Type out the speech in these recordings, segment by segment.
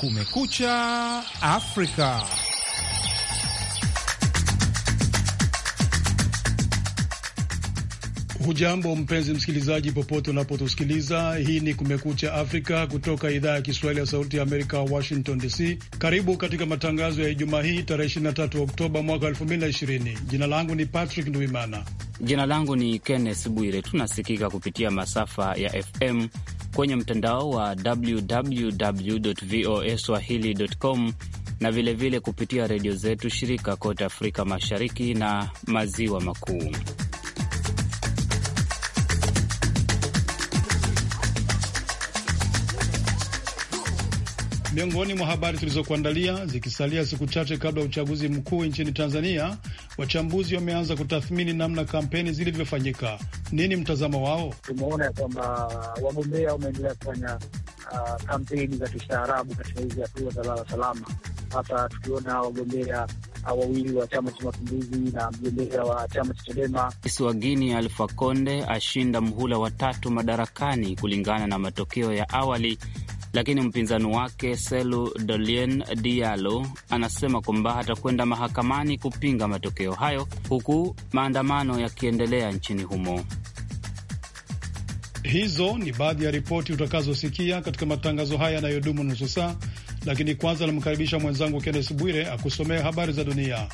Kumekucha Afrika. Hujambo mpenzi msikilizaji, popote unapotusikiliza. Hii ni Kumekucha Afrika kutoka idhaa ya Kiswahili ya Sauti ya Amerika, Washington DC. Karibu katika matangazo ya Ijumaa hii tarehe 23 Oktoba mwaka 2020. Jina langu ni Patrick Nduimana. Jina langu ni Kenneth Bwire. Tunasikika kupitia masafa ya FM kwenye mtandao wa www voa swahili.com na vilevile vile kupitia redio zetu shirika kote Afrika Mashariki na Maziwa Makuu. Miongoni mwa habari tulizokuandalia, zikisalia siku chache kabla ya uchaguzi mkuu nchini Tanzania, wachambuzi wameanza kutathmini namna kampeni zilivyofanyika. Nini mtazamo wao? Tumeona kwamba wagombea wameendelea kufanya uh, kampeni za kistaarabu katika hizi hatua za lala salama, Hapa tukiona wagombea ah, wawili wa Chama cha Mapinduzi na mgombea wa chama cha Chadema. Rais wa Guini Alfa Konde ashinda mhula watatu madarakani kulingana na matokeo ya awali lakini mpinzani wake Selu Dolien dialo anasema kwamba atakwenda mahakamani kupinga matokeo hayo, huku maandamano yakiendelea nchini humo. Hizo ni baadhi ya ripoti utakazosikia katika matangazo haya yanayodumu nusu saa, lakini kwanza namkaribisha mwenzangu Kennes Bwire akusomea habari za dunia.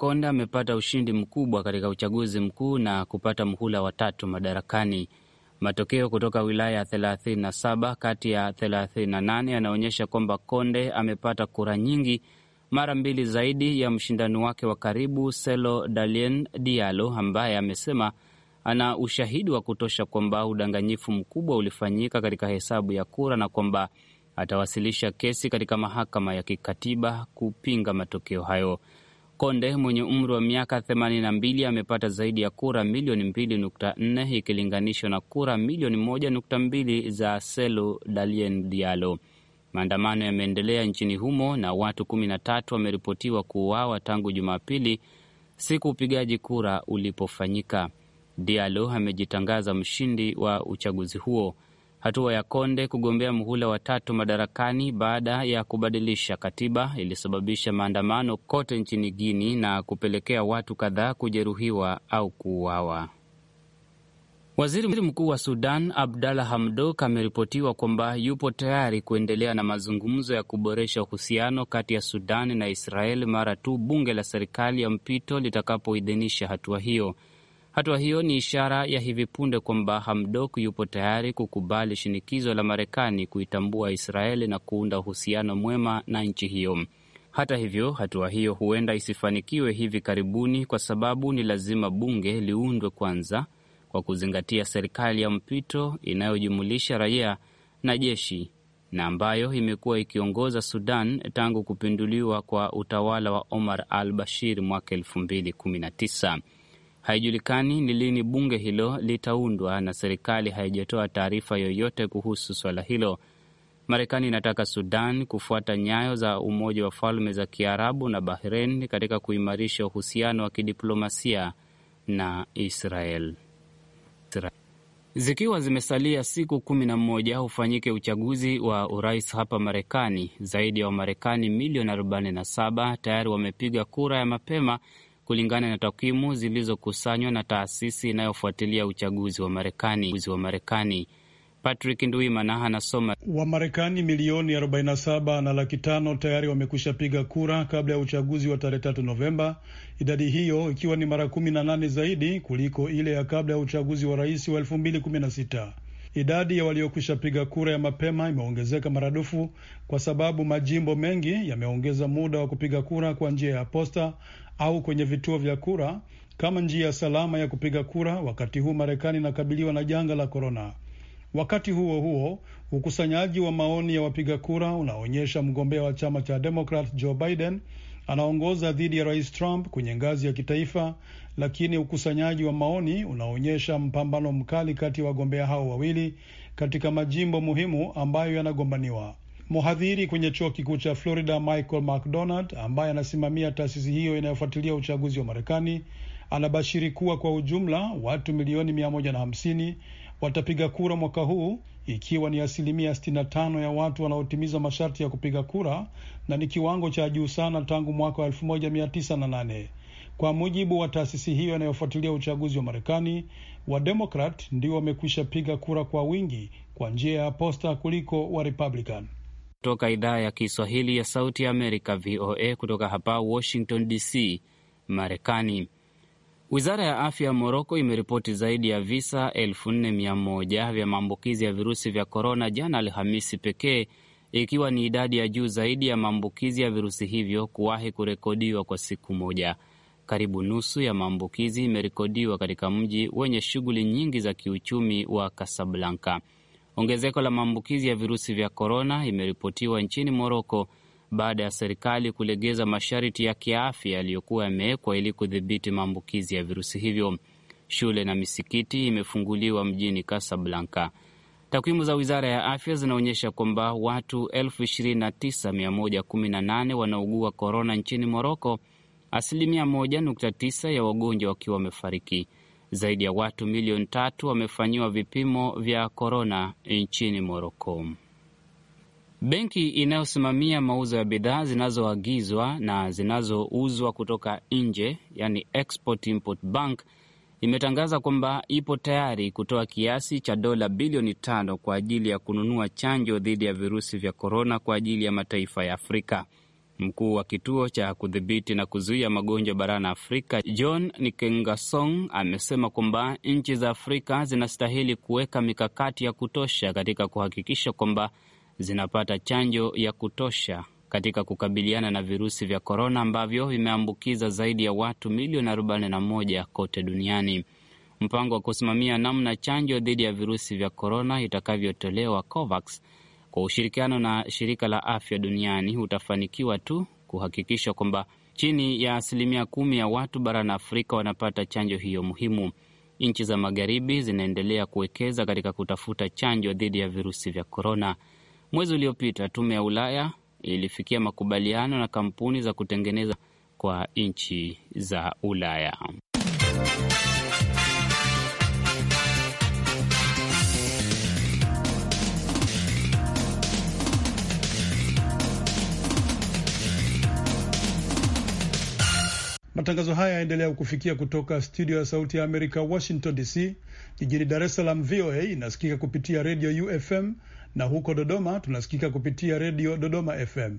Konda amepata ushindi mkubwa katika uchaguzi mkuu na kupata mhula wa tatu madarakani. Matokeo kutoka wilaya 37 kati ya 38 yanaonyesha kwamba Konde amepata kura nyingi, mara mbili zaidi ya mshindani wake wa karibu Selo Dalien Dialo, ambaye amesema ana ushahidi wa kutosha kwamba udanganyifu mkubwa ulifanyika katika hesabu ya kura na kwamba atawasilisha kesi katika mahakama ya kikatiba kupinga matokeo hayo. Konde mwenye umri wa miaka 82 amepata zaidi ya kura milioni 2.4 ikilinganishwa na kura milioni 1.2 za Selu Dalien Dialo. Maandamano yameendelea nchini humo na watu kumi na tatu wameripotiwa kuuawa tangu Jumapili, siku upigaji kura ulipofanyika. Dialo amejitangaza mshindi wa uchaguzi huo. Hatua ya Konde kugombea muhula wa tatu madarakani baada ya kubadilisha katiba ilisababisha maandamano kote nchini Guini na kupelekea watu kadhaa kujeruhiwa au kuuawa. Waziri Mkuu wa Sudan Abdalla Hamdok ameripotiwa kwamba yupo tayari kuendelea na mazungumzo ya kuboresha uhusiano kati ya Sudan na Israel mara tu bunge la serikali ya mpito litakapoidhinisha hatua hiyo. Hatua hiyo ni ishara ya hivi punde kwamba Hamdok yupo tayari kukubali shinikizo la Marekani kuitambua Israeli na kuunda uhusiano mwema na nchi hiyo. Hata hivyo, hatua hiyo huenda isifanikiwe hivi karibuni kwa sababu ni lazima bunge liundwe kwanza kwa kuzingatia serikali ya mpito inayojumulisha raia na jeshi na ambayo imekuwa ikiongoza Sudan tangu kupinduliwa kwa utawala wa Omar al Bashir mwaka elfu219 Haijulikani ni lini bunge hilo litaundwa na serikali haijatoa taarifa yoyote kuhusu swala hilo. Marekani inataka Sudan kufuata nyayo za Umoja wa Falme za Kiarabu na Bahrein katika kuimarisha uhusiano wa kidiplomasia na Israel. Zikiwa zimesalia siku kumi na moja ufanyike uchaguzi wa urais hapa Marekani, zaidi ya Wamarekani milioni 47 tayari wamepiga kura ya mapema kulingana na takwimu zilizokusanywa na taasisi inayofuatilia uchaguzi wa Marekani. Patrick Nduimana anasoma. Wamarekani milioni 47 na laki tano tayari wamekwisha piga kura kabla ya uchaguzi wa tarehe tatu Novemba, idadi hiyo ikiwa ni mara kumi na nane zaidi kuliko ile ya kabla ya uchaguzi wa rais wa elfu mbili kumi na sita. Idadi ya waliokwisha piga kura ya mapema imeongezeka maradufu kwa sababu majimbo mengi yameongeza muda wa kupiga kura kwa njia ya posta au kwenye vituo vya kura kama njia ya salama ya kupiga kura, wakati huu Marekani inakabiliwa na janga la korona. Wakati huo huo, ukusanyaji wa maoni ya wapiga kura unaonyesha mgombea wa chama cha Demokrat Joe Biden anaongoza dhidi ya rais Trump kwenye ngazi ya kitaifa, lakini ukusanyaji wa maoni unaonyesha mpambano mkali kati ya wagombea hao wawili katika majimbo muhimu ambayo yanagombaniwa. Mhadhiri kwenye chuo kikuu cha Florida Michael McDonald, ambaye anasimamia taasisi hiyo inayofuatilia uchaguzi wa Marekani, anabashiri kuwa kwa ujumla watu milioni mia moja na hamsini watapiga kura mwaka huu, ikiwa ni asilimia 65 ya watu wanaotimiza masharti ya kupiga kura na ni kiwango cha juu sana tangu mwaka wa elfu kwa mujibu wa taasisi hiyo inayofuatilia uchaguzi wa Marekani. Wademokrat ndio wamekwisha piga kura kwa wingi kwa njia ya posta kuliko Warepublican. Toka idhaa ya Kiswahili ya Sauti ya Amerika, VOA, kutoka hapa Washington DC, Marekani. Wizara ya afya ya Moroko imeripoti zaidi ya visa 41 vya maambukizi ya virusi vya korona jana Alhamisi pekee, ikiwa ni idadi ya juu zaidi ya maambukizi ya virusi hivyo kuwahi kurekodiwa kwa siku moja. Karibu nusu ya maambukizi imerekodiwa katika mji wenye shughuli nyingi za kiuchumi wa Kasablanka. Ongezeko la maambukizi ya virusi vya korona imeripotiwa nchini Moroko baada ya serikali kulegeza masharti ya kiafya yaliyokuwa yamewekwa ili kudhibiti maambukizi ya virusi hivyo. Shule na misikiti imefunguliwa mjini Kasablanka. Takwimu za wizara ya afya zinaonyesha kwamba watu 29118 wanaugua korona nchini Moroko, asilimia 1.9 ya wagonjwa wakiwa wamefariki. Zaidi ya watu milioni tatu wamefanyiwa vipimo vya korona nchini Moroko. Benki inayosimamia mauzo ya bidhaa zinazoagizwa na zinazouzwa kutoka nje, yani Export Import Bank, imetangaza kwamba ipo tayari kutoa kiasi cha dola bilioni tano kwa ajili ya kununua chanjo dhidi ya virusi vya korona kwa ajili ya mataifa ya Afrika. Mkuu wa kituo cha kudhibiti na kuzuia magonjwa barani Afrika John Nkengasong amesema kwamba nchi za Afrika zinastahili kuweka mikakati ya kutosha katika kuhakikisha kwamba zinapata chanjo ya kutosha katika kukabiliana na virusi vya korona ambavyo vimeambukiza zaidi ya watu milioni 41 kote duniani. Mpango wa kusimamia namna chanjo dhidi ya virusi vya korona itakavyotolewa COVAX kwa ushirikiano na shirika la afya duniani utafanikiwa tu kuhakikisha kwamba chini ya asilimia kumi ya watu barani Afrika wanapata chanjo hiyo muhimu. Nchi za magharibi zinaendelea kuwekeza katika kutafuta chanjo dhidi ya virusi vya korona. Mwezi uliopita, tume ya Ulaya ilifikia makubaliano na kampuni za kutengeneza kwa nchi za Ulaya. Matangazo haya yaendelea kukufikia kutoka studio ya Sauti ya Amerika, Washington DC. Jijini Dar es Salaam, VOA inasikika kupitia redio UFM na huko Dodoma tunasikika kupitia redio Dodoma FM.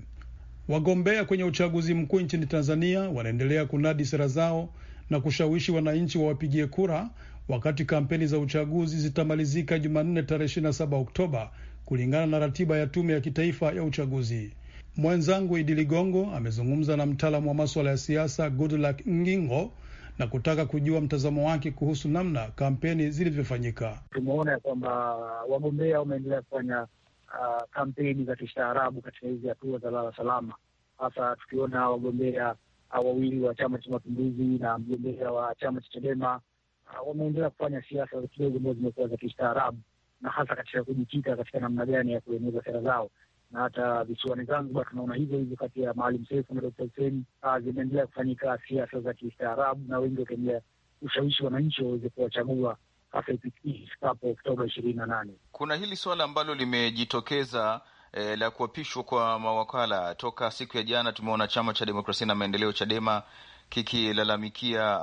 Wagombea kwenye uchaguzi mkuu nchini Tanzania wanaendelea kunadi sera zao na kushawishi wananchi wawapigie kura wakati kampeni za uchaguzi zitamalizika Jumanne tarehe 27 Oktoba kulingana na ratiba ya Tume ya Kitaifa ya Uchaguzi. Mwenzangu Idi Ligongo amezungumza na mtaalamu wa maswala ya siasa Goodluck Ngingo na kutaka kujua mtazamo wake kuhusu namna kampeni zilivyofanyika. Tumeona ya kwamba wagombea wameendelea kufanya uh, kampeni za kistaarabu katika hizi hatua za lala salama, hasa tukiona wagombea uh, wawili wa Chama cha Mapinduzi na mgombea wa chama cha Chadema uh, wameendelea kufanya siasa kidogo ambazo zimekuwa za kistaarabu, na hasa katika kujikita katika namna gani ya kueneza sera zao na hata visiwani Zanzibar tunaona hivyo hivyo, kati ya Maalim Seif na Dokta Huseni ah, zimeendelea kufanyika siasa za kistaarabu, na wengi wakiendelea ushawishi wananchi waweze kuwachagua hasa ifikapo Oktoba ishirini na nane. Kuna hili suala ambalo limejitokeza E, la kuapishwa kwa mawakala toka siku ya jana. Tumeona chama cha demokrasia na maendeleo Chadema kikilalamikia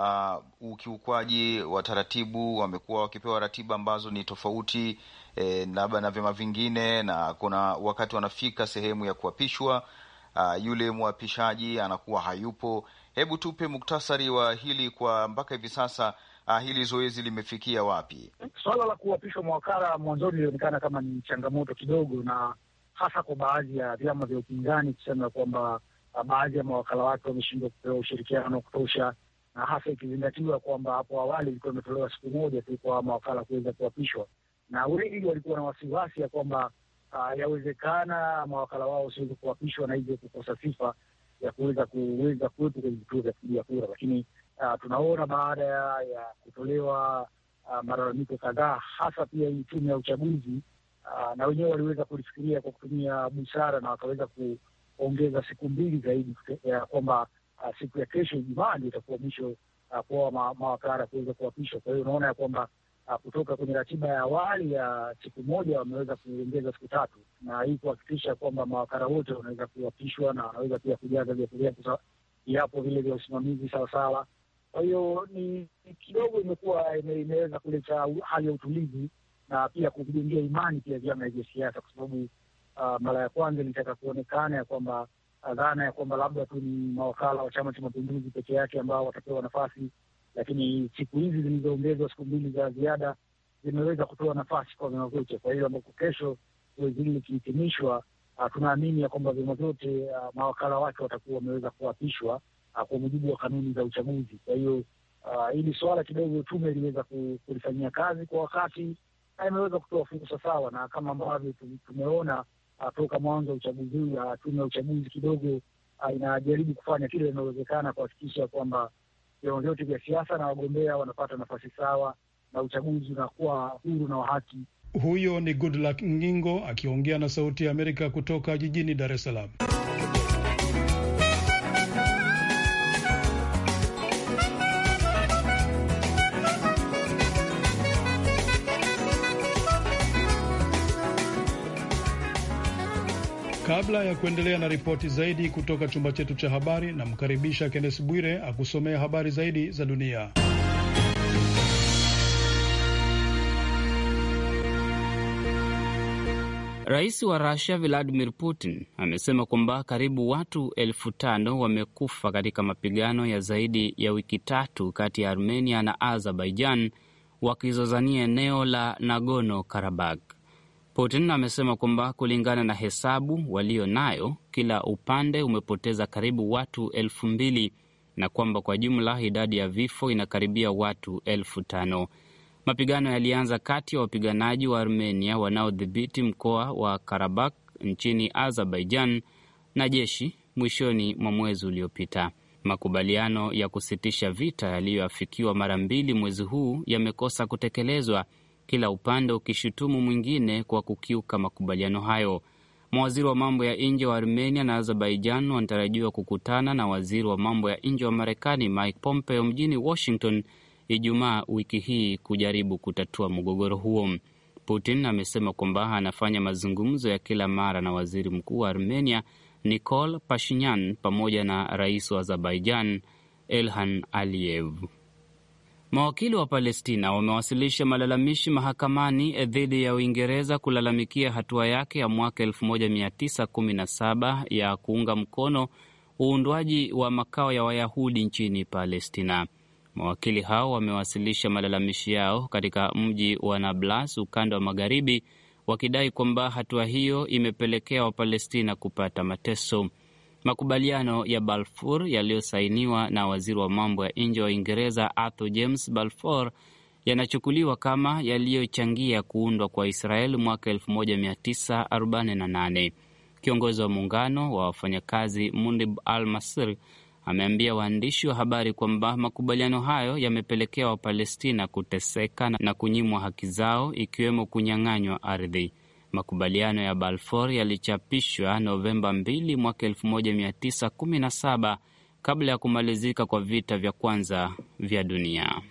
uh, ukiukwaji wa taratibu. Wamekuwa wakipewa ratiba ambazo ni tofauti E, labda na vyama vingine, na kuna wakati wanafika sehemu ya kuapishwa, uh, yule mwapishaji anakuwa hayupo. Hebu tupe muktasari wa hili kwa mpaka hivi sasa. hili zoezi limefikia wapi? Suala la kuapishwa mawakala mwanzoni lilionekana kama ni changamoto kidogo, na hasa kwa baadhi ya vyama vya upinzani kusema kwamba baadhi ya mawakala wake wameshindwa kupewa ushirikiano wa kutosha, na hasa ikizingatiwa kwamba hapo awali ilikuwa imetolewa siku moja tu kwa mawakala kuweza kuapishwa na wengi walikuwa na wasiwasi ya kwamba uh, yawezekana mawakala wao wasiweze kuapishwa na hivyo kukosa sifa ya kuweza kuweza kuwepo kwenye vituo vya kupigia kura, lakini uh, tunaona baada ya kutolewa uh, malalamiko kadhaa, hasa pia hii tume ya uchaguzi uh, na wenyewe waliweza kulifikiria kwa kutumia busara na wakaweza kuongeza siku mbili zaidi ya kwamba uh, siku ya kesho Ijumaa ndio itakuwa mwisho uh, kwa mawakala kuweza kuapishwa. Kwa hiyo unaona ya kwamba Uh, kutoka kwenye ratiba ya awali ya siku moja wameweza kuongeza siku tatu, na hii kuhakikisha kwamba mawakala wote wanaweza kuapishwa na wanaweza pia kujaza viapo vile vya usimamizi sawasawa. Kwa hiyo ni kidogo imekuwa imeweza kuleta hali ya utulivu na pia kujengea imani pia vyama vya siasa, kwa sababu uh, mara ya kwanza ilitaka kuonekana ya kwamba uh, dhana ya kwamba labda tu ni mawakala wa Chama cha Mapinduzi peke yake ambao watapewa nafasi lakini siku hizi zilizoongezwa siku mbili za ziada zimeweza kutoa nafasi kwa vyama vyote. Kwa hiyo ambapo kesho zoezi hili likihitimishwa, ah, tunaamini ya kwamba vyama vyote ah, mawakala wake watakuwa wameweza kuapishwa ah, kwa mujibu wa kanuni za uchaguzi. Kwa hiyo hili swala kidogo tume iliweza kulifanyia kazi kwa wakati na imeweza kutoa fursa sawa, na kama ambavyo tumeona toka mwanzo wa uchaguzi huu, tume ya uchaguzi kidogo inajaribu kufanya kile inawezekana kuhakikisha kwamba vyama vyote vya siasa na wagombea wanapata nafasi sawa na uchaguzi unakuwa huru na wa haki. Huyo ni Goodluck Ngingo akiongea na Sauti ya Amerika kutoka jijini Dar es Salaam. Kabla ya kuendelea na ripoti zaidi kutoka chumba chetu cha habari, namkaribisha Kennes Bwire akusomea habari zaidi za dunia. Rais wa Rusia Vladimir Putin amesema kwamba karibu watu elfu tano wamekufa katika mapigano ya zaidi ya wiki tatu kati ya Armenia na Azerbaijan wakizozania eneo la Nagorno Karabakh. Putin amesema kwamba kulingana na hesabu walio nayo, kila upande umepoteza karibu watu elfu mbili na kwamba kwa jumla idadi ya vifo inakaribia watu elfu tano. Mapigano yalianza kati ya wapiganaji wa Armenia wanaodhibiti mkoa wa Karabakh nchini Azerbaijan na jeshi mwishoni mwa mwezi uliopita. Makubaliano ya kusitisha vita yaliyoafikiwa mara mbili mwezi huu yamekosa kutekelezwa kila upande ukishutumu mwingine kwa kukiuka makubaliano hayo. Mawaziri wa mambo ya nje wa Armenia na Azerbaijan wanatarajiwa kukutana na waziri wa mambo ya nje wa Marekani Mike Pompeo mjini Washington Ijumaa wiki hii kujaribu kutatua mgogoro huo. Putin amesema kwamba anafanya mazungumzo ya kila mara na waziri mkuu wa Armenia Nikol Pashinyan pamoja na rais wa Azerbaijan Elhan Aliyev. Mawakili wa Palestina wamewasilisha malalamishi mahakamani eh, dhidi ya Uingereza kulalamikia hatua yake ya mwaka 1917 ya kuunga mkono uundwaji wa makao ya Wayahudi nchini Palestina. Mawakili hao wamewasilisha malalamishi yao katika mji wa Nablus, ukanda wa magharibi, wakidai kwamba hatua hiyo imepelekea Wapalestina kupata mateso. Makubaliano ya Balfour yaliyosainiwa na waziri wa mambo ya nje wa Uingereza Arthur James Balfour yanachukuliwa kama yaliyochangia kuundwa kwa Israel mwaka 1948. Kiongozi wa muungano wa wafanyakazi Mundib Al Masir ameambia waandishi wa habari kwamba makubaliano hayo yamepelekea Wapalestina kuteseka na kunyimwa haki zao ikiwemo kunyang'anywa ardhi. Makubaliano ya Balfour yalichapishwa Novemba 2 mwaka 1917 kabla ya kumalizika kwa vita vya kwanza vya dunia.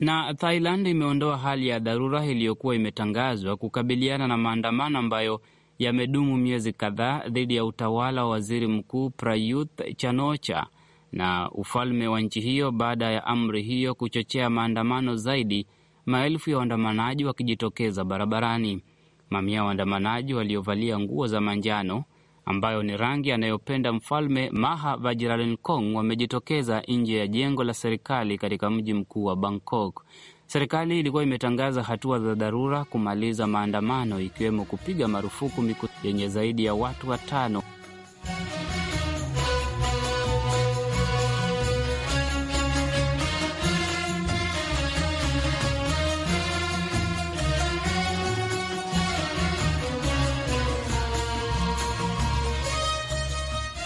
Na Thailand imeondoa hali ya dharura iliyokuwa imetangazwa kukabiliana na maandamano ambayo yamedumu miezi kadhaa dhidi ya utawala wa waziri mkuu Prayuth Chanocha na ufalme wa nchi hiyo baada ya amri hiyo kuchochea maandamano zaidi maelfu ya waandamanaji wakijitokeza barabarani. Mamia ya waandamanaji waliovalia nguo za manjano ambayo ni rangi anayopenda Mfalme Maha Vajiralongkorn wamejitokeza nje ya jengo la serikali katika mji mkuu wa Bangkok. Serikali ilikuwa imetangaza hatua za dharura kumaliza maandamano, ikiwemo kupiga marufuku mikutano yenye zaidi ya watu watano.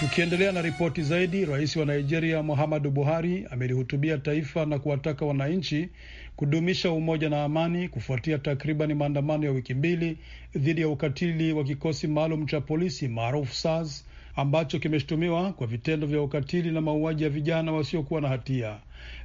Tukiendelea na ripoti zaidi, rais wa Nigeria Muhammadu Buhari amelihutubia taifa na kuwataka wananchi kudumisha umoja na amani kufuatia takribani maandamano ya wiki mbili dhidi ya ukatili wa kikosi maalum cha polisi maarufu SARS ambacho kimeshutumiwa kwa vitendo vya ukatili na mauaji ya vijana wasiokuwa na hatia.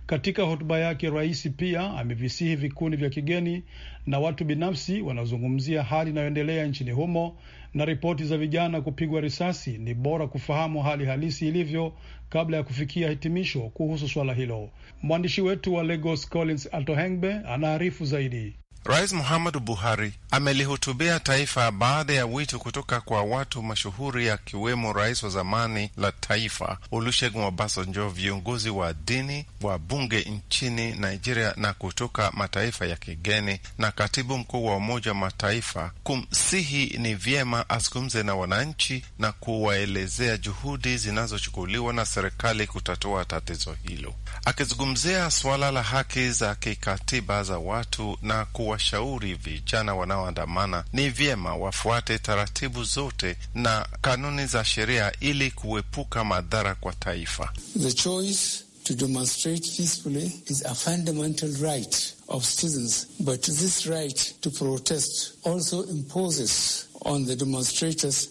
Katika hotuba yake, rais pia amevisihi vikundi vya kigeni na watu binafsi wanaozungumzia hali inayoendelea nchini humo na ripoti za vijana kupigwa risasi, ni bora kufahamu hali halisi ilivyo kabla ya kufikia hitimisho kuhusu swala hilo. Mwandishi wetu wa Lagos Collins Atohengbe anaarifu zaidi. Rais Muhammadu Buhari amelihutubia taifa baada ya wito kutoka kwa watu mashuhuri akiwemo rais wa zamani la taifa Olusegun Obasanjo, viongozi wa dini, wa bunge nchini Nigeria na kutoka mataifa ya kigeni, na katibu mkuu wa Umoja wa Mataifa kumsihi ni vyema azungumze na wananchi na kuwaelezea juhudi zinazochukuliwa na serikali kutatua tatizo hilo, akizungumzia suala la haki za kikatiba za watu na kuwa kuwashauri vijana wanaoandamana ni vyema wafuate taratibu zote na kanuni za sheria ili kuepuka madhara kwa taifa. The choice to demonstrate peacefully is a fundamental right of citizens, but this right to protest also imposes on the demonstrators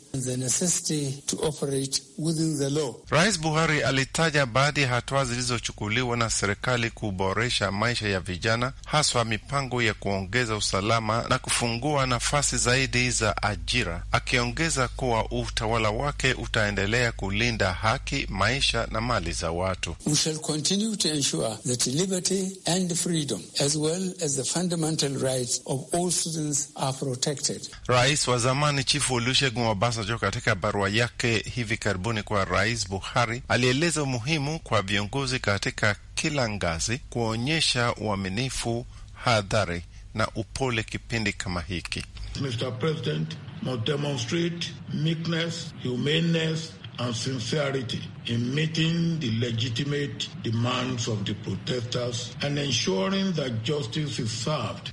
Rais Buhari alitaja baadhi ya hatua zilizochukuliwa na serikali kuboresha maisha ya vijana, haswa mipango ya kuongeza usalama na kufungua nafasi zaidi za ajira, akiongeza kuwa utawala wake utaendelea kulinda haki, maisha na mali za watu. We shall continue to ensure that liberty and freedom as well as the fundamental rights of all are protected. Rais wa zamani Chifu Olusegun Obasanjo ambazo katika barua yake hivi karibuni kwa Rais Buhari alieleza umuhimu kwa viongozi katika kila ngazi kuonyesha uaminifu, hadhari na upole kipindi kama hiki. Mr. President must demonstrate meekness, humaneness and sincerity in meeting the legitimate demands of the protesters and ensuring that justice is served.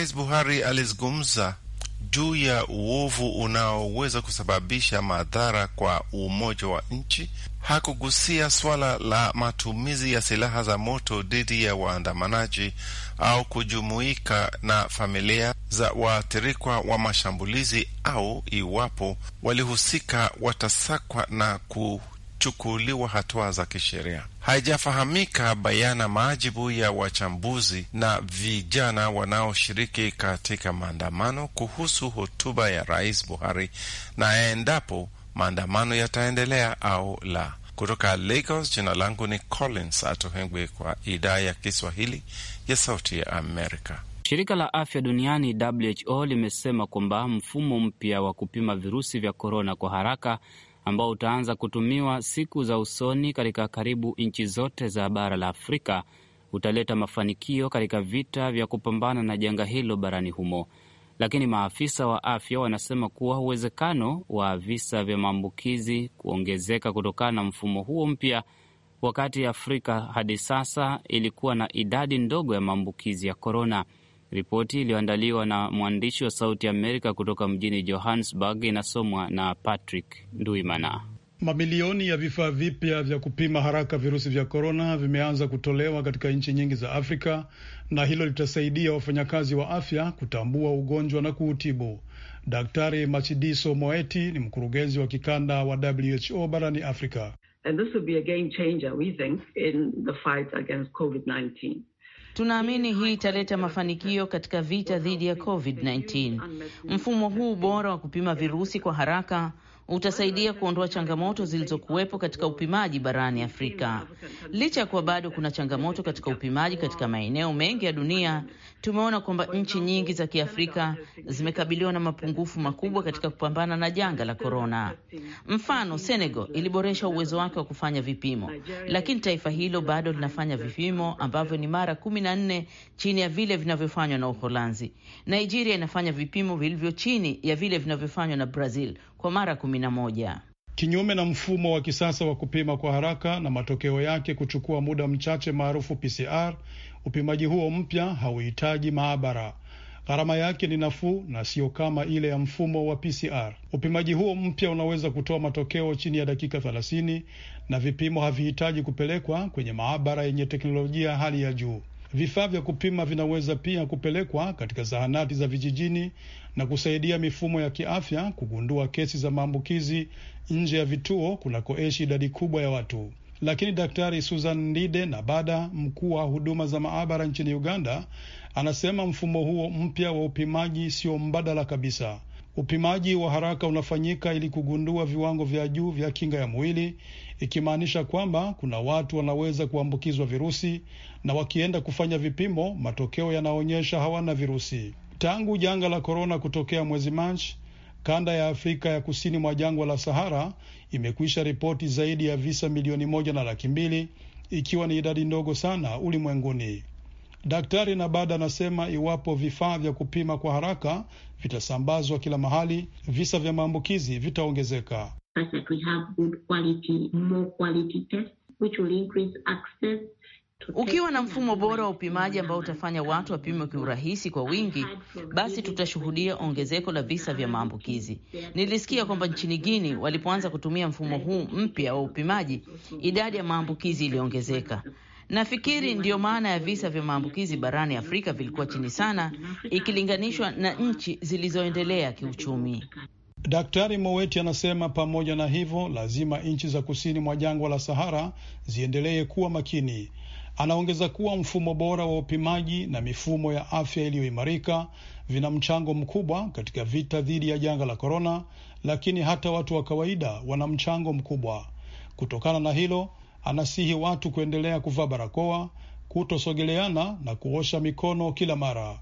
Rais Buhari alizungumza juu ya uovu unaoweza kusababisha madhara kwa umoja wa nchi. Hakugusia swala la matumizi ya silaha za moto dhidi ya waandamanaji au kujumuika na familia za waathirikwa wa mashambulizi, au iwapo walihusika watasakwa na ku kuchukuliwa hatua za kisheria. Haijafahamika bayana majibu ya wachambuzi na vijana wanaoshiriki katika maandamano kuhusu hotuba ya Rais Buhari na endapo maandamano yataendelea au la. Kutoka Lagos, jina langu ni Collins Atohengwe kwa idhaa ya Kiswahili ya Sauti ya Amerika. Shirika la afya duniani WHO limesema kwamba mfumo mpya wa kupima virusi vya korona kwa haraka ambao utaanza kutumiwa siku za usoni katika karibu nchi zote za bara la Afrika utaleta mafanikio katika vita vya kupambana na janga hilo barani humo. Lakini maafisa wa afya wanasema kuwa uwezekano wa visa vya maambukizi kuongezeka kutokana na mfumo huo mpya, wakati Afrika hadi sasa ilikuwa na idadi ndogo ya maambukizi ya korona. Ripoti iliyoandaliwa na mwandishi wa Sauti Amerika kutoka mjini Johannesburg inasomwa na Patrick Nduimana. Mamilioni ya vifaa vipya vya kupima haraka virusi vya korona vimeanza kutolewa katika nchi nyingi za Afrika na hilo litasaidia wafanyakazi wa afya kutambua ugonjwa na kuutibu. Daktari machidiso Moeti ni mkurugenzi wa kikanda wa WHO barani Afrika. And this will be a game changer, we think, in the fight against COVID-19. Tunaamini hii italeta mafanikio katika vita dhidi ya COVID-19. Mfumo huu bora wa kupima virusi kwa haraka utasaidia kuondoa changamoto zilizokuwepo katika upimaji barani Afrika. Licha ya kuwa bado kuna changamoto katika upimaji katika maeneo mengi ya dunia, Tumeona kwamba nchi nyingi za Kiafrika zimekabiliwa na mapungufu makubwa katika kupambana na janga la korona. Mfano, Senegal iliboresha uwezo wake wa kufanya vipimo, lakini taifa hilo bado linafanya vipimo ambavyo ni mara kumi na nne chini ya vile vinavyofanywa na Uholanzi. Nigeria inafanya vipimo vilivyo chini ya vile vinavyofanywa na Brazil kwa mara kumi na moja kinyume na mfumo wa kisasa wa kupima kwa haraka na matokeo yake kuchukua muda mchache maarufu PCR, Upimaji huo mpya hauhitaji maabara. Gharama yake ni nafuu na siyo kama ile ya mfumo wa PCR. Upimaji huo mpya unaweza kutoa matokeo chini ya dakika thelathini na vipimo havihitaji kupelekwa kwenye maabara yenye teknolojia hali ya juu. Vifaa vya kupima vinaweza pia kupelekwa katika zahanati za vijijini na kusaidia mifumo ya kiafya kugundua kesi za maambukizi nje ya vituo kunakoishi idadi kubwa ya watu lakini Daktari Susan Ndide Nabada, mkuu wa huduma za maabara nchini Uganda, anasema mfumo huo mpya wa upimaji sio mbadala kabisa. Upimaji wa haraka unafanyika ili kugundua viwango vya juu vya kinga ya mwili, ikimaanisha kwamba kuna watu wanaweza kuambukizwa virusi na wakienda kufanya vipimo, matokeo yanaonyesha hawana virusi. Tangu janga la korona kutokea mwezi Machi, Kanda ya Afrika ya kusini mwa jangwa la Sahara imekwisha ripoti zaidi ya visa milioni moja na laki mbili ikiwa ni idadi ndogo sana ulimwenguni. Daktari Nabada anasema iwapo vifaa vya kupima kwa haraka vitasambazwa kila mahali, visa vya maambukizi vitaongezeka. Ukiwa na mfumo bora wa upimaji ambao utafanya watu wapimwe kiurahisi kwa wingi, basi tutashuhudia ongezeko la visa vya maambukizi. Nilisikia kwamba nchini guini walipoanza kutumia mfumo huu mpya wa upimaji, idadi ya maambukizi iliongezeka. Nafikiri ndiyo maana ya visa vya maambukizi barani Afrika vilikuwa chini sana ikilinganishwa na nchi zilizoendelea kiuchumi. Daktari Moweti anasema pamoja na hivyo, lazima nchi za kusini mwa jangwa la Sahara ziendelee kuwa makini. Anaongeza kuwa mfumo bora wa upimaji na mifumo ya afya iliyoimarika vina mchango mkubwa katika vita dhidi ya janga la korona, lakini hata watu wa kawaida wana mchango mkubwa. Kutokana na hilo, anasihi watu kuendelea kuvaa barakoa, kutosogeleana na kuosha mikono kila mara.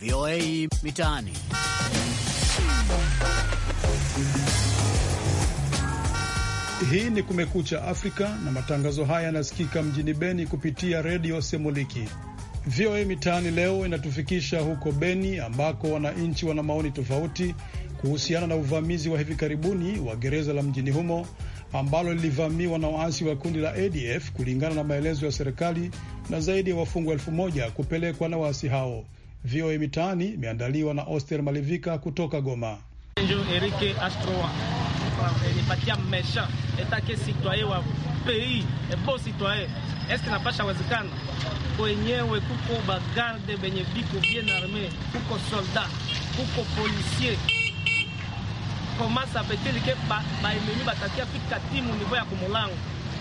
VOA Mitaani. Hii ni Kumekucha Afrika na matangazo haya yanasikika mjini Beni kupitia redio Semuliki. VOA Mitaani leo inatufikisha huko Beni ambako wananchi wana maoni tofauti kuhusiana na uvamizi wa hivi karibuni wa gereza la mjini humo ambalo lilivamiwa na waasi wa kundi la ADF kulingana na maelezo ya serikali, na zaidi ya wafungwa elfu moja kupelekwa na waasi hao. VOA Mitaani imeandaliwa na Oster Malivika kutoka Goma. Erike Astro etake sitwaye wa pei ebo sitwaye eske napasha wezekana kwenyewe kuko bagarde benye biko bien arme kuko soldat kuko policier komasa betelike baememi ba batakia pika timu nivo ya kumulango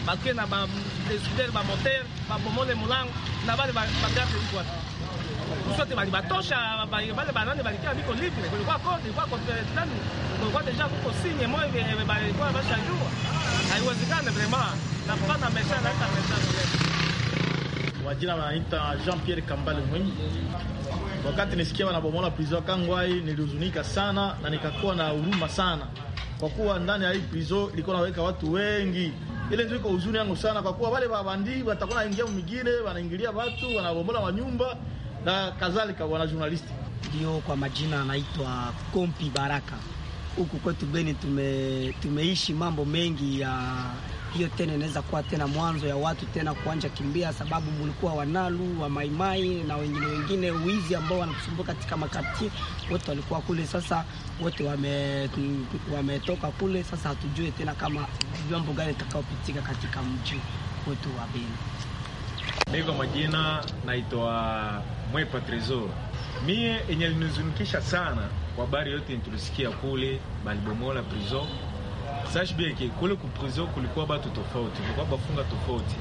bakie na badesudere bamotere babomole molango na bale bagarde iko sote balibatosha bale banani balikia biko libre kulikuwa kodi kulikuwa eh, kulikuwa deja kuko sinye eh, eh, balikuwa vraiment na wajina wanaita Jean Pierre Kambale Mwinyi. Wakati nisikia wanabomola prizo Kangwai nilihuzunika sana na nikakuwa na huruma sana, kwa kuwa ndani ya hii prizo ilikuwa naweka watu wengi ile ndio iko huzuni yangu sana kwa kuwa wale babandi watakuwa naingia mwingine wanaingilia watu wanabomola manyumba na kadhalika, wanajournalisti. Ndio kwa majina anaitwa Kompi Baraka. Huku kwetu Beni tume, tumeishi mambo mengi ya hiyo tena inaweza kuwa tena mwanzo ya watu tena kuanja kimbia, sababu mulikuwa wanalu wa maimai na wengine wengine wizi ambao wanatusumbua katika makati wote walikuwa kule. Sasa wote wame, wametoka kule. Sasa hatujue tena kama vyombo gani itakaopitika katika mji wetu wa Beni. Mimi kwa majina naitwa Mwepa Tresor. Mie enye linizunikisha sana kwa habari yote tulisikia kule Balibomola prison sashbeke kule ku prison kulikuwa batu tofauti, kulikuwa bafunga tofauti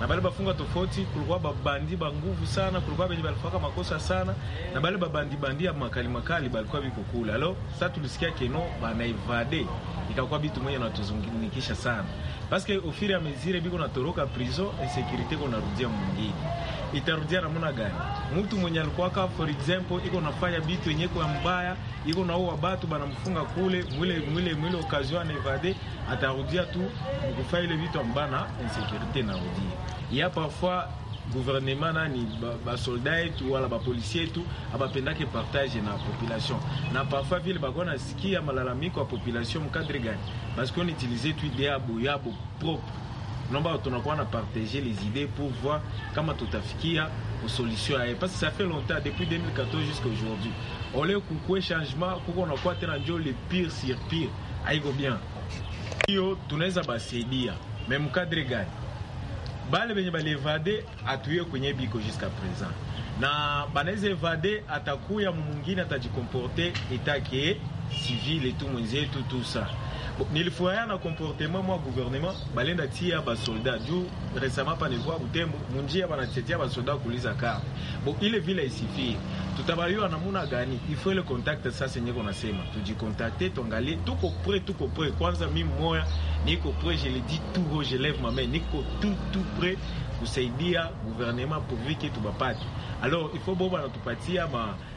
na bale bafunga tofauti, kulikuwa babandi ba nguvu sana, kulikuwa benye balifaka makosa sana, na bale babandi bandi ya makali makali balikuwa biko kule. Alo sasa tulisikia keno bana ivade, ikakuwa bitu moja natuzungunikisha sana paske ofiri ya mezire biko natoroka prison, insekurite ko rudia mwingine itarudia namna gani? Mtu mwenye alikuwaka for example iko nafanya bitu yenye kwa mbaya iko na naua batu banamfunga kule mwile mwile mwile occasion na evade atarudia tu kufanya ile vitu ambana insecurity insécurité narudia ya parfois gouvernement nani basoldat ba yetu wala bapolisi yetu abapendake partage na population na parfois vile bako nasikia malalamiko ya population mkadre gani basi qu'on utiliser tu idea yabo yabo propre Nous tunakuwa partager les idées pour voir kama une solution parce que ça fait longtemps depuis 2014 jusqu'à aujourd'hui ole kukwe changement kuko le pire sur pire bien hiyo tunaweza basaidia gani bale benye atuye kwenye biko jusqu'à présent na evade mwingine tout ça nilifurahia na comportement mwa gouvernement balenda tia basoldat juu resama panevwa butembo munjia banatetia basoldat kuliza ka bo ile vile isifie tutabaliwa namuna gani ifo ile contact sase nyeko nasema tujikontakte tuangalie tuko pre tuko pre kwanza mimi moya niko pre je le dis toujours je lève ma main niko tout tout pre kusaidia gouvernement pourvu que tubapate alors ifo bo banatupatia ma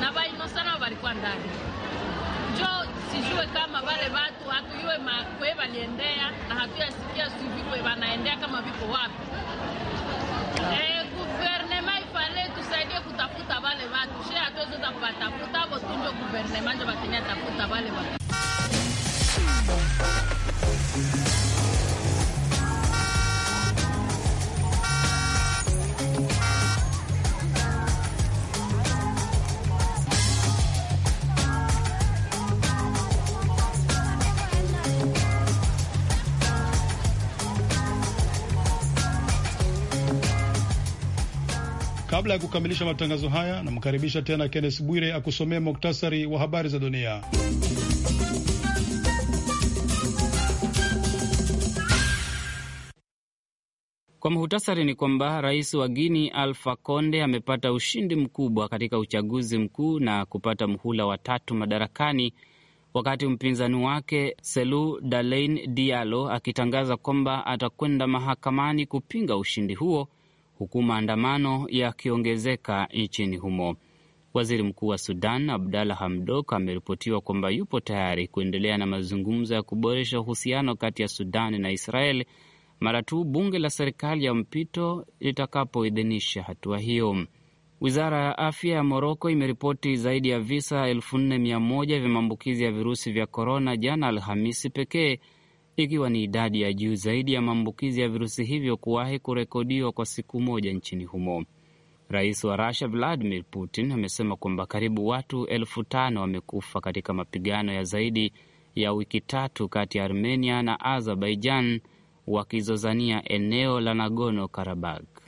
na vainosana valikuwa ndani njo sijue kama vale vatu hatuyue makwe valiendea na hatuyasikia sivikwe vanaendea kama viko wapi. E, guvernema ifale tusaidie kutafuta vale vatu she hatuwezeza kuvatafuta vo tunjo guvernema njo vatenya tafuta vale vatu Kabla ya kukamilisha matangazo haya, namkaribisha tena Kennes Bwire akusomea muktasari wa habari za dunia. Kwa muhtasari ni kwamba rais wa Guini Alfa conde amepata ushindi mkubwa katika uchaguzi mkuu na kupata mhula wa tatu madarakani, wakati mpinzani wake Selu Dalein Dialo akitangaza kwamba atakwenda mahakamani kupinga ushindi huo huku maandamano yakiongezeka nchini humo. Waziri mkuu wa Sudan Abdalla Hamdok ameripotiwa kwamba yupo tayari kuendelea na mazungumzo ya kuboresha uhusiano kati ya Sudani na Israel mara tu bunge la serikali ya mpito litakapoidhinisha hatua hiyo. Wizara ya afya ya Moroko imeripoti zaidi ya visa 41 vya maambukizi ya virusi vya korona jana Alhamisi pekee ikiwa ni idadi ya juu zaidi ya maambukizi ya virusi hivyo kuwahi kurekodiwa kwa siku moja nchini humo. Rais wa Rusia Vladimir Putin amesema kwamba karibu watu elfu tano wamekufa katika mapigano ya zaidi ya wiki tatu kati ya Armenia na Azerbaijan wakizozania eneo la Nagorno Karabakh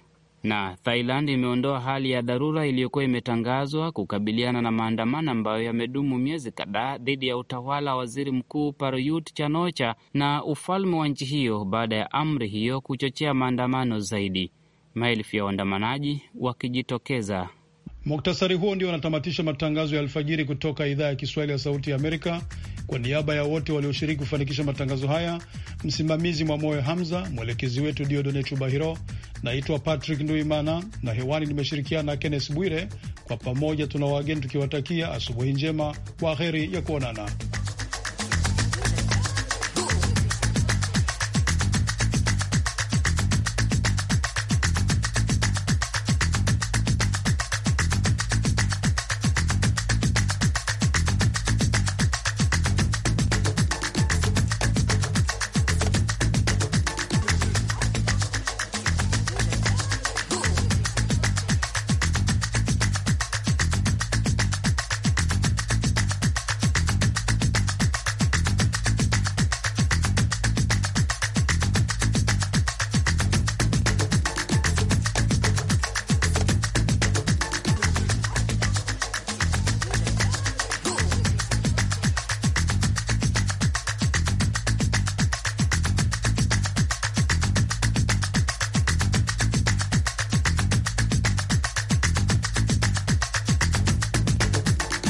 na Thailand imeondoa hali ya dharura iliyokuwa imetangazwa kukabiliana na maandamano ambayo yamedumu miezi kadhaa dhidi ya utawala wa waziri mkuu Prayut Chanocha na ufalme wa nchi hiyo baada ya amri hiyo kuchochea maandamano zaidi, maelfu ya waandamanaji wakijitokeza Muktasari huo ndio unatamatisha matangazo ya alfajiri kutoka idhaa ya Kiswahili ya Sauti ya Amerika. Kwa niaba ya wote walioshiriki kufanikisha matangazo haya, msimamizi mwa moyo Hamza, mwelekezi wetu Diodone Chubahiro. Naitwa Patrick Nduimana na hewani nimeshirikiana na Kennes Bwire. Kwa pamoja, tuna wageni tukiwatakia asubuhi njema. Kwa heri ya kuonana.